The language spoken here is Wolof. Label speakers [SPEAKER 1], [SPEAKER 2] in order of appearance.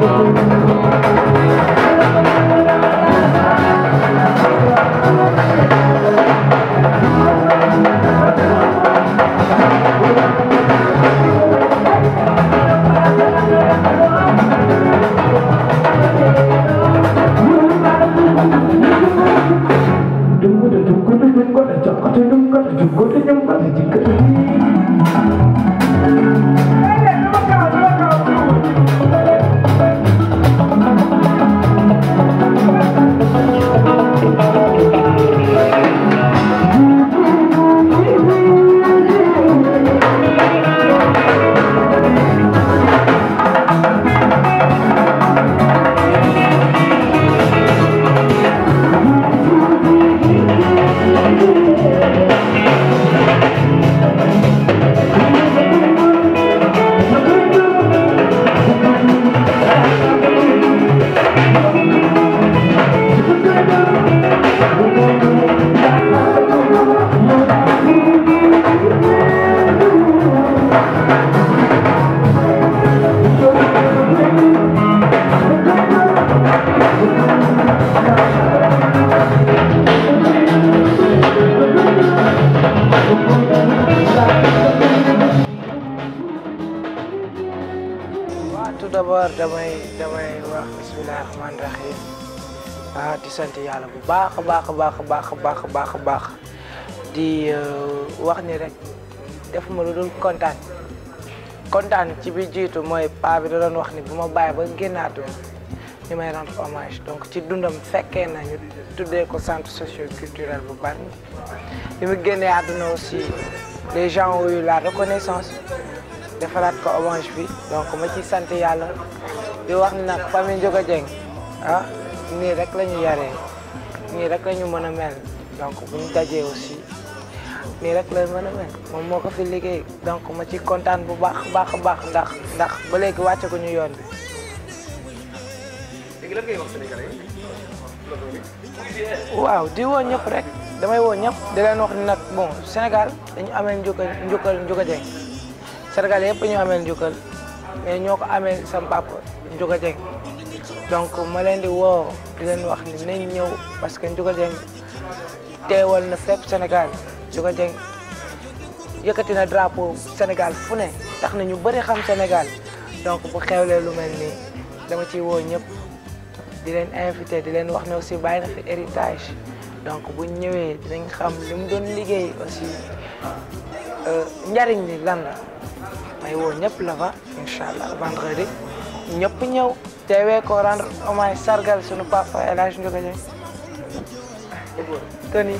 [SPEAKER 1] đừng có để chúng có thể chọn có thể đúng có thể chúng có thể có thể chỉ có thể d'abord je damay vous ah, euh, hommage aussi les gens ont eu la reconnaissance. defaraat ko omange bi donc ma ci sant yàlla di wax nag famille Ndiouga Dieng ah nii rek la ñu yaree nii rek la mën a mel donc bu ñu dajee aussi nii rek la mën a mel moom moo ko fi liggéey donc ma ci kontaan bu baax baax baax ndax ndax ba léegi wàcce ko ñu yoon bi. léegi lan ngay waaw di woo ñëpp rek damay woon ñëpp di leen wax ni nag bon Sénégal dañu amee Ndiouga Ndiouga Ndiouga Dieng Sénégal yëpp ñu ameel njukkal mais ñoo ko amee sam papa Ndiouga Dieng donc ma leen di woo di leen wax ni nañ ñëw parce que Ndiouga te wal na fépp Sénégal Ndiouga Dieng yëkkati na drapeau Sénégal fu ne tax na ñu bëri xam Sénégal donc bu xewlee lu mel nii dama ciy woo ñëpp di leen invité di leen wax ne aussi bàyyi na fi héritage donc bu ñëwee dinañ xam li mu doon liggéey aussi euh, njariñ li lan la may woo ñëpp la fa incha allah vendredi ñëpp ñëw teewee ko rendre hommage sargal sunu papa El Hadj Ndiouga Diagne toni